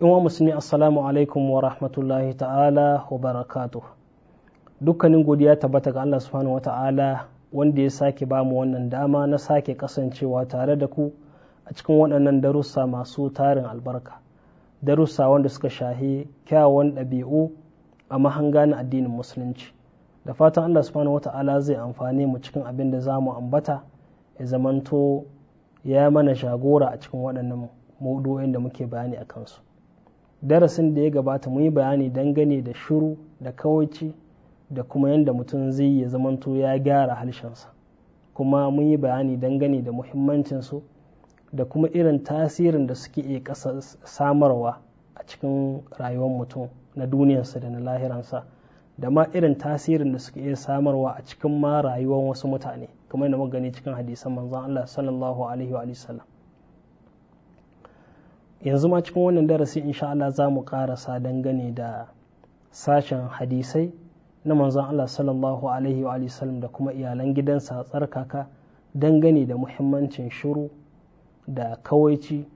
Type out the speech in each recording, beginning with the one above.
wa musulmi assalamu alaikum wa rahmatullahi ta'ala wa barakatu dukkanin godiya tabbata ga Allah subhanahu wa ta'ala wanda ya sake ba mu wannan dama na sake kasancewa tare da ku a cikin waɗannan darussa masu tarin albarka darussa wanda suka shahi kyawawan ɗabi'u a mahanga na addinin musulunci da fatan Allah subhanahu wa ta'ala zai amfani mu cikin abin da za mu ambata ya zamanto ya mana shagora a cikin waɗannan maudu'o'in da muke bayani a kansu darasin da ya gabata mu yi bayani dangane da shiru da kawaici da kuma yadda mutum zai ya zamanto ya gyara harshensa kuma mun yi bayani dangane da muhimmancinsu da kuma irin tasirin da suke iya kasa samarwa a cikin rayuwar mutum na duniyarsa da na lahiransa da ma irin tasirin da suke iya samarwa a cikin ma rayuwar wasu mutane kamar yana muka cikin hadisan manzon Allah sallallahu alaihi wa sallam yanzu ma cikin wannan darasi insha Allah za mu karasa dangane da sashen hadisai na manzon Allah sallallahu alaihi wa sallam da kuma iyalan gidansa tsarkaka dangane da muhimmancin shuru da kawaici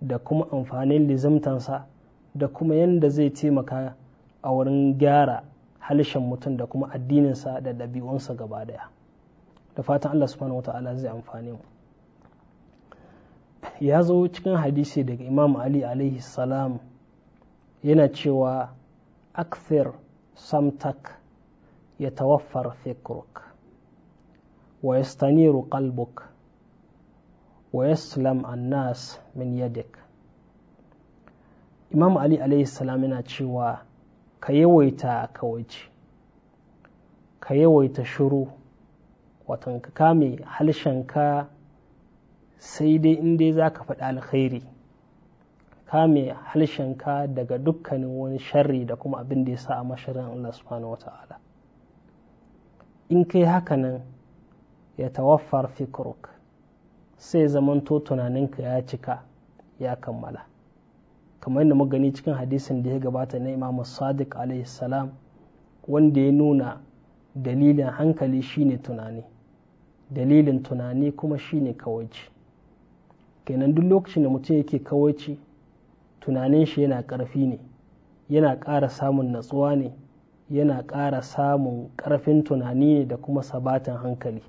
da kuma amfanin lizamtansa da kuma yadda zai taimaka a wurin gyara halishin mutum da kuma addininsa da ɗabi'unsa gaba daya da fatan Allah subhanahu wa ta'ala zai amfane mu ya zo cikin hadisi daga imam ali alaihi salam yana cewa akthir samtak ya tawaffar fikruk wa yastaniru qalbuk wa yaslam annas min yadik imam ali alaihi salam yana cewa ka yawaita kawaici ka yawaita shuru watan ka kame halshenka sai dai in dai za ka faɗi alkhairi ka kame halshenka daga dukkanin wani sharri da kuma abin da ya sa a mashirin Allah subhanahu wa ta'ala in kai hakanan ya tawaffar fikruk sai zamanto tunaninka ya cika ya kammala kamar yadda magani gani cikin hadisin da ya gabata na imam sadiq salam wanda ya nuna dalilin hankali shine tunani dalilin tunani kuma shine kawaici kenan duk lokacin da mutum yake kawaici tunanin shi yana ƙarfi ne yana ƙara samun natsuwa ne yana ƙara samun ƙarfin tunani ne da kuma sabatan hankali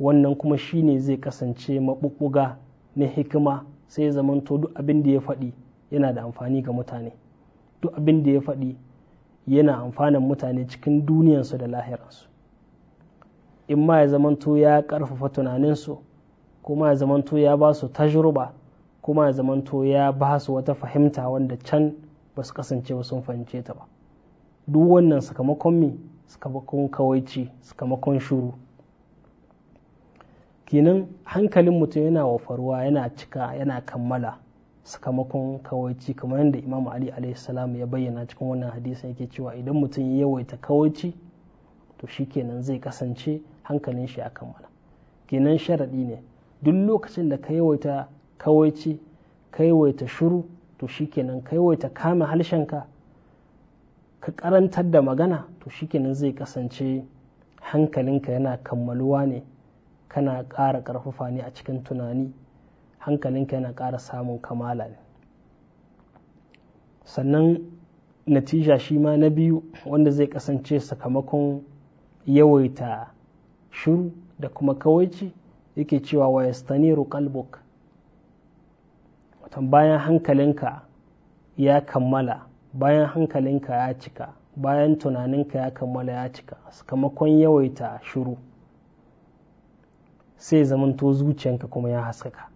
wannan kuma shi ne zai kasance maɓuɓɓuga na hikima sai ya zamanto duk abin da ya faɗi yana da amfani ga mutane duk abin da ya faɗi yana amfanan mutane cikin duniyansu da lahiransu in ma ya zamanto ya ƙarfafa tunaninsu kuma ya zamanto ya ba su tajruba kuma ya zamanto ya ba su wata fahimta wanda can ba su kasance ba sun fahimce ta ba duk wannan sakamakon mi sakamakon kawaici sakamakon shuru kinan hankalin mutum yana faruwa yana cika yana kammala sakamakon kawaici kamar yadda imam ali salam ya bayyana cikin wannan hadisin yake cewa idan mutum ya yawaita kawaici to shi shikenan zai kasance hankalin shi a kammala kenan sharaɗi ne duk lokacin da ka yawaita kawaici ka yawaita shuru to shikenan ka yawaita kama harshenka ka karantar da magana to shikenan zai kasance hankalinka yana kammaluwa ne kana ƙara ƙarfafa ne a cikin tunani hankalinka yana ƙara samun kamala ne sannan natija shi ma na biyu wanda zai kasance sakamakon yawaita shuru da kuma kawaici yake cewa wa yastaniru Kalbuk, watan bayan hankalinka ya kammala bayan hankalinka ya cika bayan tunaninka ya kammala ya cika sakamakon yawaita shuru sai zamanto zuciyanka kuma ya haskaka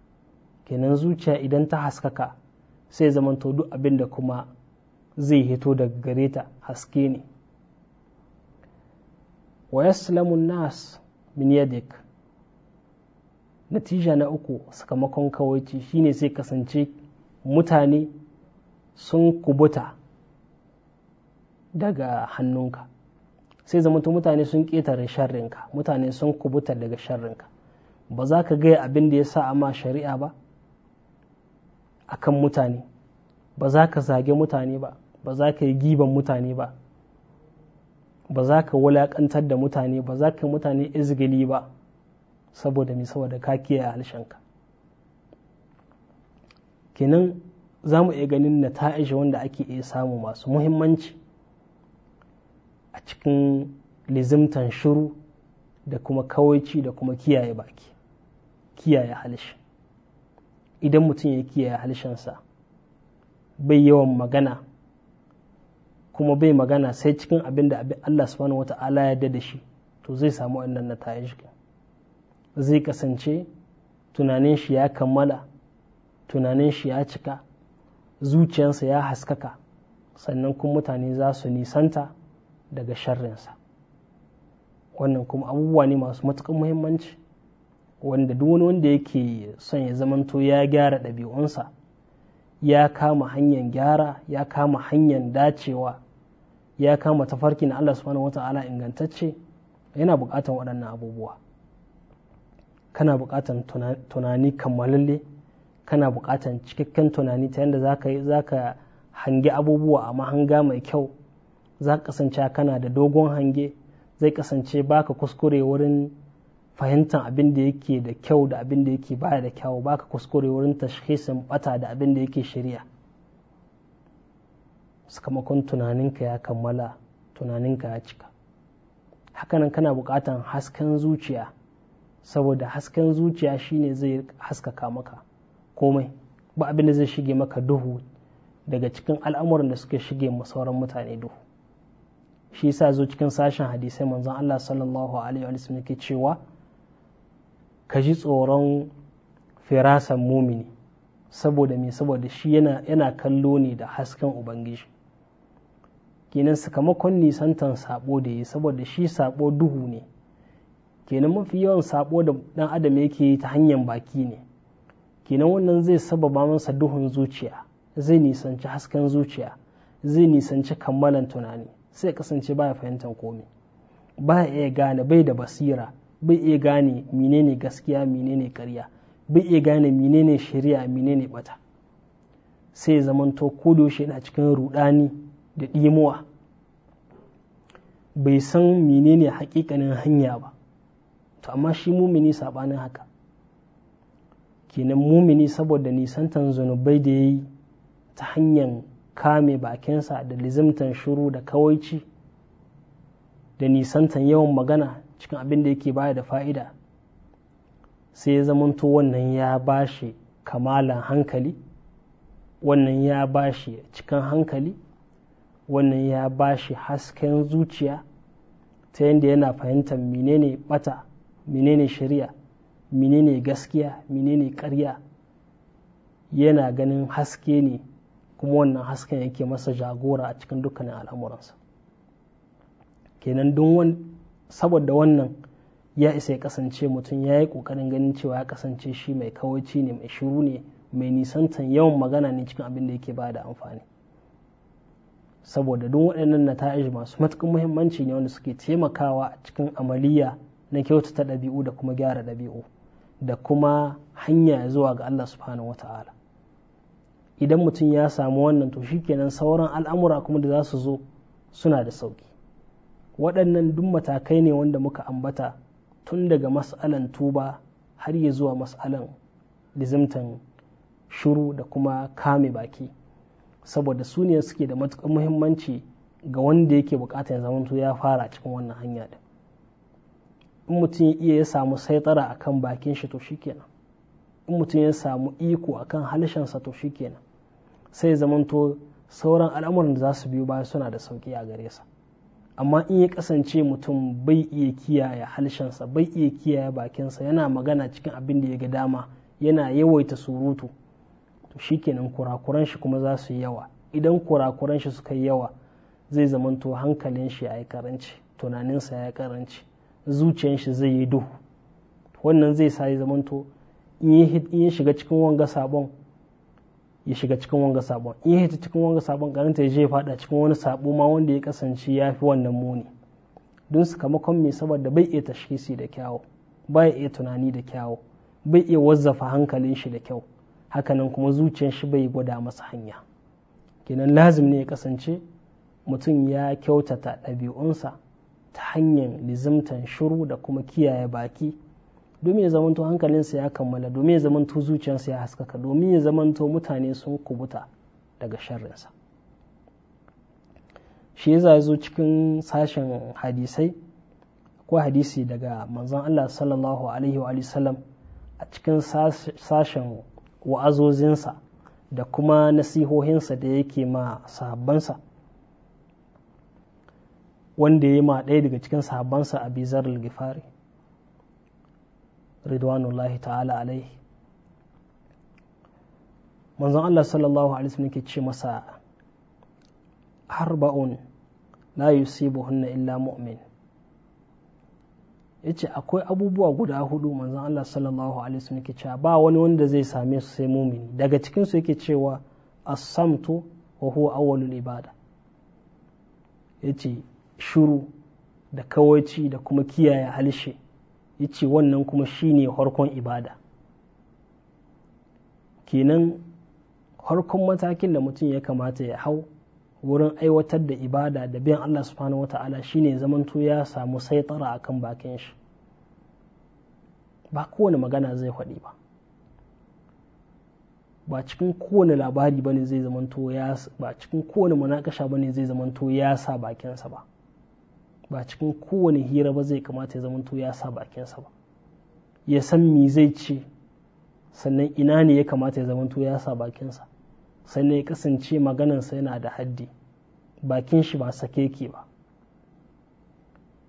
kenan zuciya idan ta haskaka sai zamanto duk abin da kuma zai hito daga gare ta haske ne wa yaslamun nas min yadik natija na uku sakamakon kawaici shine sai kasance mutane sun kubuta daga hannunka sai zamanta mutane sun ƙetare sharrinka mutane sun kubuta daga sharrinka ba za ka gaya abin da ya sa ma shari'a ba a kan mutane ba za ka zage mutane ba ba za ka yi giban mutane ba ba za ka wulaƙantar da mutane ba za ka yi mutane izgili ba saboda mai saboda ka kiyaye halshenka kenan za mu iya ganin na ta'ishe wanda ake iya samu masu muhimmanci a cikin lizimtan shuru da kuma kawaici da kuma kiyaye baki kiyaye halshe idan mutum ya kiyaye halishansa bai yawan magana kuma bai magana sai cikin abin da Allah subhanahu wata'ala ya da shi to zai samu wannan ta'ishe zai kasance tunanin shi ya kammala tunanin shi ya cika zuciyarsa ya haskaka sannan kuma mutane za su nisanta daga sharrinsa wannan kuma abubuwa ne masu matuƙar muhimmanci wanda duk wani wanda yake son ya zamanto ya gyara ɗabi'unsa ya kama hanyar gyara ya kama hanyar dacewa ya kama tafarki na Allah subhanahu wata'ala ingantacce yana buƙatar waɗannan abubuwa kana buƙatan tunani kammalalle kana buƙatan cikakken tunani ta yadda za ka hange abubuwa a mahanga mai kyau za ka kasance kana da dogon hange zai kasance baka kuskure wurin fahimtar abin da yake da kyau da abin da yake baya da kyau baka kuskure wurin tashhisin bata da abin da yake shari'a sakamakon tunaninka ya kammala tunaninka ya cika hakanan kana buƙatan hasken zuciya saboda hasken zuciya shi ne zai haskaka maka komai ba abin da zai shige maka duhu daga cikin al'amuran da suke shige sauran mutane duhu shi yasa zo cikin sashen hadisai manzon Allah sallallahu alaihi wa sallam yake cewa ka ji tsoron firasan mumini saboda me saboda shi yana kallo ne da hasken ubangiji kenan sakamakon nisantan saɓo da yi saboda shi saɓo duhu ne kenan mafi yawan sabo da dan adam yake yi ta hanyar baki ne kenan wannan zai sababa masa duhun zuciya zai nisanci hasken zuciya zai nisanci kammalan tunani sai kasance baya fahimtar komai baya iya gane bai da basira bai iya gane menene gaskiya menene karya bai iya gane menene shari'a menene bata sai zamanto ko yaushe yana cikin rudani da ɗimuwa bai san menene hakikanin hanya ba to amma shi mumini saɓanin haka kenan mumini saboda nisantan zunubai da ya yi ta hanyar kame bakinsa da lizimtan shuru da kawaici da nisantan yawan magana cikin abin da yake baya da fa'ida sai ya zamanto wannan ya bashi kamalan hankali wannan ya bashi cikin hankali wannan ya bashi hasken zuciya ta yadda yana fahimtar menene bata menene shari'a menene gaskiya menene karya yana ganin haske ne kuma wannan hasken yake masa jagora a cikin dukkanin al'amuransa kenan don saboda wannan ya isa ya kasance mutum ya yi ƙoƙarin ganin cewa ya kasance shi mai kawaici ne mai shiru ne mai nisantan yawan magana ne cikin abin da yake ba da amfani saboda duk waɗannan nata'ij masu matuƙin muhimmanci ne wanda suke taimakawa a cikin amaliya na kyautata ɗabi'u da kuma gyara ɗabi'u da kuma hanya zuwa ga Allah subhanahu wata'ala idan mutum ya samu wannan to shikenan sauran al'amura kuma da za su zo suna da sauki waɗannan duk matakai ne wanda muka ambata tun daga mas'alan tuba har ya zuwa mas'alan lizimtan shuru da kuma kame baki saboda su ne suke da matuƙar muhimmanci ga wanda yake ya zamanto ya fara cikin wannan hanya din in mutum ya iya ya samu saitara akan bakin shi to shikenan in mutum ya samu iko akan halishansa to shikenan sai zamanto sauran al'amuran da za su biyu baya suna da sauki a gare sa amma in ya kasance mutum bai iya kiyaye halishansa bai iya kiyaye bakinsa yana magana cikin abin da ya ga dama yana yawaita surutu to shikenan kurakuran shi kuma za su yi yawa idan kurakuran shi suka yi yawa zai zamanto hankalin shi ya yi karanci tunaninsa ya yi karanci zuciyan zai yi duhu wannan zai sa ya zamanto in ya shiga cikin wanga sabon ya shiga cikin wanga sabon in ya hita cikin wanga sabon karanta ya je ya fada cikin wani sabo ma wanda ya kasance ya fi wannan muni don su sakamakon mai saboda bai iya tashkisi da kyawu bai iya tunani da kyawu bai iya wazzafa hankalin shi da kyau hakanan kuma zuciyar shi bai gwada masa hanya kenan lazim ne ya kasance mutum ya kyautata ɗabi'unsa ta hanyar lizimtan shiru da kuma kiyaye baki domin ya zamanto hankalinsa ya kammala domin ya zamanto zuciyarsa ya haskaka domin ya zamanto mutane sun kubuta daga sharrinsa shi ya zo cikin sashen hadisai ko hadisi daga manzon Allah sallallahu alaihi wa sallam a cikin sashen wa'azozinsa da kuma nasihohinsa da yake ma sahabbansa wanda ya yi ma ɗaya daga cikin sahabbansa a bizar al-gifari ridwanullahi ta'ala alaihi manzon Allah sallallahu alaihi wasallam ke ce masa arba'un la yusibuhunna illa mu'min yace akwai abubuwa guda hudu manzon Allah sallallahu alaihi wasallam ke cewa ba wani wanda zai same su sai mumini daga cikin su yake cewa as-samtu wa huwa awwalul ibada yace shuru da kawaici da kuma kiyaye halshe ya ce wannan kuma shine harkon ibada kenan harkon matakin da mutum ya kamata ya hau wurin aiwatar da ibada da biyan Allah subhanahu wa ta'ala shine zamanto ya samu saitara a kan bakin shi ba kowane magana zai faɗi ba ba cikin kowane labari ne zai zamanto ba cikin kowane munakasha ne zai zamanto ya sa bakinsa ba ba cikin kowane hira ba zai kamata ya zamanto ya sa bakinsa ba ya san me zai ce sannan ina ne ya kamata ya zamanto ya sa bakinsa sannan ya kasance maganansa yana da haddi bakin shi ba sake yake ba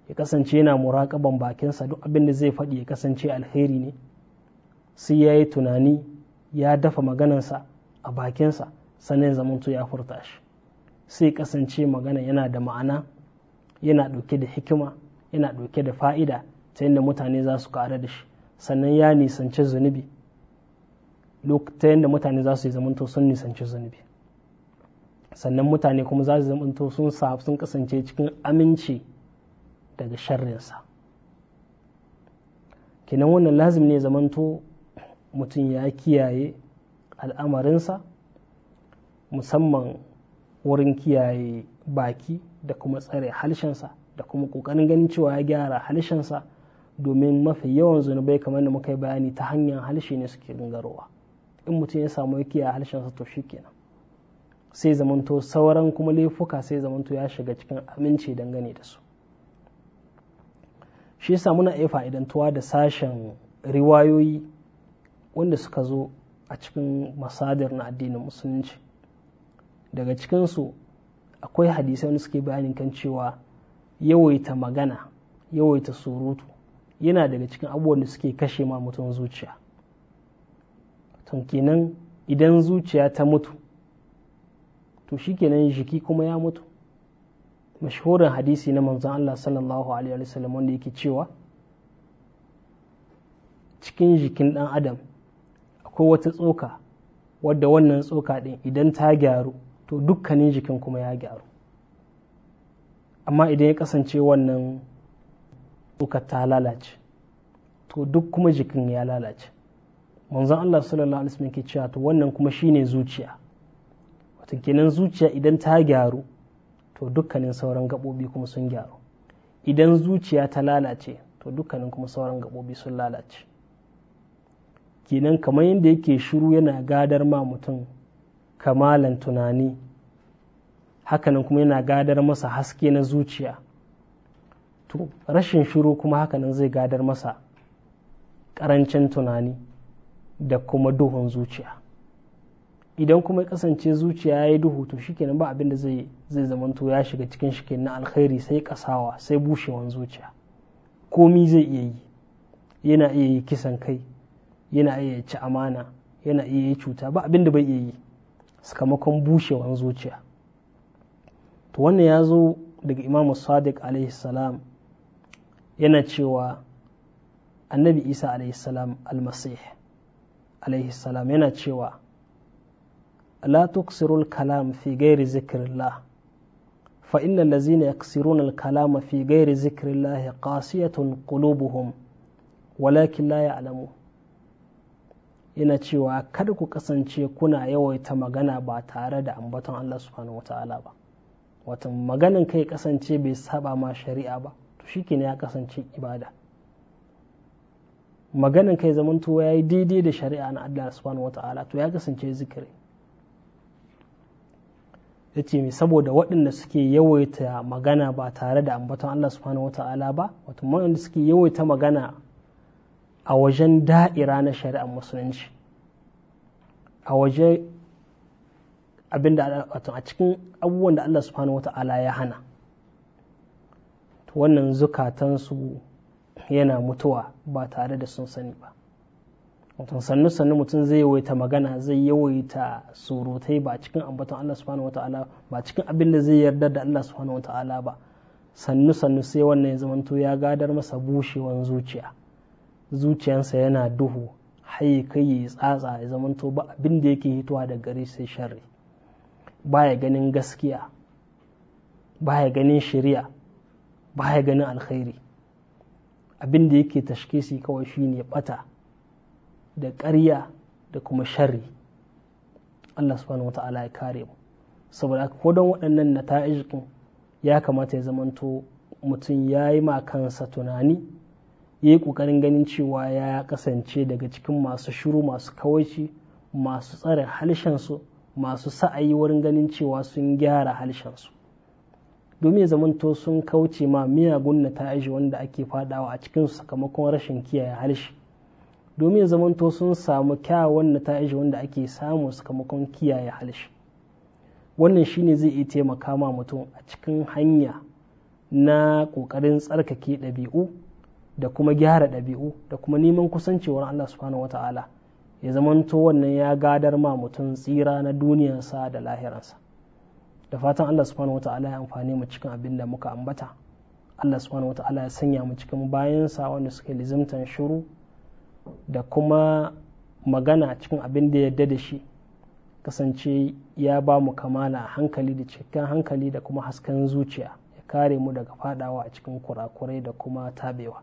ya kasance yana muraƙaban bakinsa duk abin da zai faɗi ya kasance alheri ne sai yayi tunani ya dafa maganansa a bakinsa sannan ya zamanto ya furta shi sai kasance magana yana da ma'ana yana ɗauke da hikima yana ɗauke da fa'ida ta yadda mutane za su ƙara da shi sannan ya nisanci zunubi ta yadda mutane za su yi zamanto sun nisanci zunubi sannan mutane kuma za su zamanto sun sun kasance cikin aminci daga sharrinsa kenan wannan lazim ne zamanto mutum ya kiyaye al'amarinsa musamman wurin kiyaye baki da kuma tsare halshensa da kuma kokarin ganin cewa ya gyara halshensa domin mafi yawan zunubai kamar da muka yi bayani ta hanyar halshe ne suke gangarowa in mutum ya samu kiyaye halshensa to shi kenan sai zamanto sauran kuma laifuka sai zamanto ya shiga cikin aminci dangane da su shi yasa muna iya fa'idantuwa da sashen riwayoyi wanda suka zo a cikin masadar na addinin musulunci daga cikinsu akwai hadisai wanda suke bayanin kan cewa yawaita magana yawaita surutu yana daga cikin abubuwan da suke kashe ma mutum zuciya tun kenan idan zuciya ta mutu to shikenan jiki kuma ya mutu mashhurin hadisi na manzon Allah sallallahu alaihi wasallam wanda yake cewa cikin jikin ɗan adam akwai wata tsoka wadda wannan tsoka din idan ta gyaru to dukkanin jikin kuma ya gyaru amma idan ya kasance wannan tsokar ta lalace to duk kuma jikin ya lalace manzon Allah sallallahu alaihi wasallam ke cewa to wannan kuma shine zuciya wato kenan zuciya idan ta gyaru to dukkanin sauran gabobi kuma sun gyaru idan zuciya ta lalace to dukkanin kuma sauran gabobi sun lalace kenan kamar yadda yake shiru yana gadar ma mutum kamalan tunani hakanan kuma yana gadar masa haske na zuciya to rashin shiru kuma hakanan zai gadar masa karancin tunani da kuma duhun zuciya idan kuma ya kasance zuciya ya yi duhu to shikenan ba abin da zai zamanto ya shiga cikin shi na alkhairi sai kasawa sai bushewan zuciya komi zai iya yi yana iya yi kisan kai yana iya ci amana yana iya yi cuta ba abin da bai iya yi sakamakon bushewan zuciya to wannan ya zo daga imamu sadiq salam yana cewa annabi isa salam almasih salam yana cewa la tuksirul kalam fi gairi zikirillah fa inna lazina yaksiruna al-kalama fi gairi zikirillah qasiyatun qulubuhum walakin la alamu. yana cewa kada ku kasance kuna yawaita magana ba tare da ambaton Allah subhanahu wata'ala ba wata maganan kai kasance bai saba ma shari'a ba to shi ya kasance ibada maganin kai tuwa ya yi daidai da shari'a na Allah subhanahu wata'ala to ya kasance zikiri ya ce saboda waɗanda suke yawaita magana ba tare da ambaton Allah subhanahu wata'ala ba wata suke yawaita magana a wajen da'ira na shari'ar musulunci a waje abinda a cikin abubuwan da Allah subhanahu wata'ala ya hana wannan zukatansu yana mutuwa ba tare da sun sani ba mutum sannu sannu mutum zai yawaita magana zai yawaita surutai ba cikin ambaton Allah subhanahu wata'ala ba cikin abin da zai yarda da Allah subhanahu wata'ala ba sannu sannu sai wannan ya zamanto ya gadar masa bushewan zuciya zuciyansa yana duhu haye kai ya tsatsa ya zamanto ba abin da yake hitowa da gari sai sharri baya ganin gaskiya baya ganin shari'a baya ganin alkhairi abin da yake shi kawai shine bata da ƙarya da kuma sharri Allah subhanahu wata'ala ya kare mu saboda ko don waɗannan nata'ijikin ya kamata ya zamanto mutum ya yi ma kansa tunani ya yi ƙoƙarin ganin cewa ya kasance daga cikin masu shiru masu kawaici masu tsare halshensu masu sa'ayi wurin ganin cewa sun gyara halshensu domin ya zamanto sun kauce ma miyagun na ta'aji wanda ake fadawa a cikin sakamakon rashin kiyaye harshe domin ya zamanto sun samu kyawun na ta'aji wanda ake samu sakamakon kiyaye harshe wannan shine zai iya taimaka ma mutum a cikin hanya na ƙoƙarin tsarkake ɗabi'u da kuma gyara ɗabi'u da kuma neman kusancewar Allah subhanahu wata'ala ya zamanto wannan ya gadar ma mutum tsira na duniyarsa da lahiransa da fatan Allah subhanahu wata'ala ya amfani mu cikin abin da muka ambata Allah subhanahu wata'ala ya sanya mu cikin bayansa wanda suke lizimtan shuru da kuma magana cikin abin da yadda da shi kasance ya ba mu kamala hankali da cikin hankali da kuma hasken zuciya ya kare mu daga fadawa a cikin kurakurai da kuma tabewa